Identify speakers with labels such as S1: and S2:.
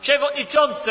S1: przewodniczący